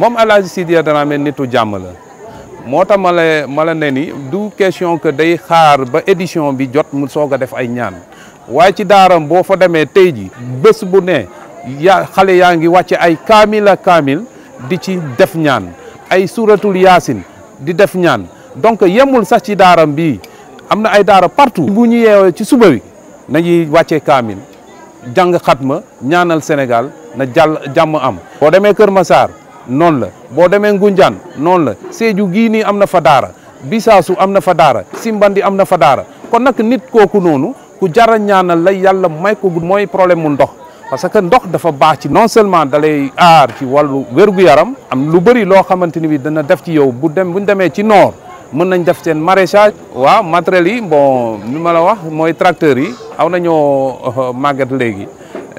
moom El Hadj Sidia Dramé nitu jàmm la moo tax ma la ma ne ni du question que day xaar ba édition bi jot mu soog a def ay ñaan waaye ci daaram boo fa demee tey ji bés bu nee ya xale yaa ngi wàcce ay kaamil a kaamil di ci def ñaan ay suratul yaasin di def ñaan donc yemul sax ci daaram bi am na ay daara partout bu ñu yeewee ci suba bi nañuy wàccee kaamil jàng xatma ñaanal Sénégal na jàll jàmm am boo demee Kër Massar noonu la boo demee Ngunjaan noonu la seeju gii nii am na fa daara Bisaasu am na fa daara Simbandi am na fa daara kon nag nit kooku noonu ku jara ñaana la yàlla may ko mooy problème mu ndox parce que ndox dafa baax ci non seulement dalay aar ci wàllu wér-gu-yaram am lu bëri loo xamante ni bi dana def ci yow bu dem buñ demee ci noor mën nañ def seen maraîchage waaw matériels yi bon ni ma la wax mooy tracteurs yi aw nañoo màggat léegi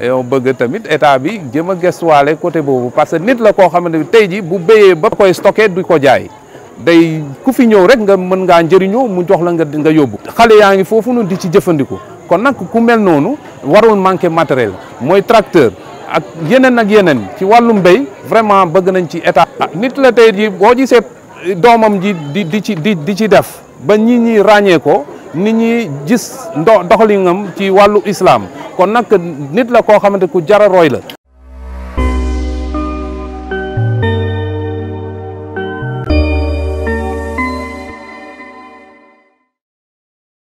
yow bëgg tamit état bi jëm a gestuwaale côté boobu parce que nit la koo xamante ne tey ji bu béyee ba koy stocké di ko jaay day ku fi ñëw rek nga mën ngaa njëriñoo mu jox la nga nga yóbbu. xale yaa ngi foofu noonu di ci jëfandikoo kon nag ku mel noonu waroon manqué matériel mooy tracteur ak yeneen ak yeneen ci wàllum mbéy vraiment bëgg nañ ci état. Ah nit la tey ji boo gisee doomam ji di di ci di di ci def ba ñi ñi ràññee ko nit ñi gis ndo doxalinam ci wàllu islam. kon nag nit la koo xamante ku jar a roy la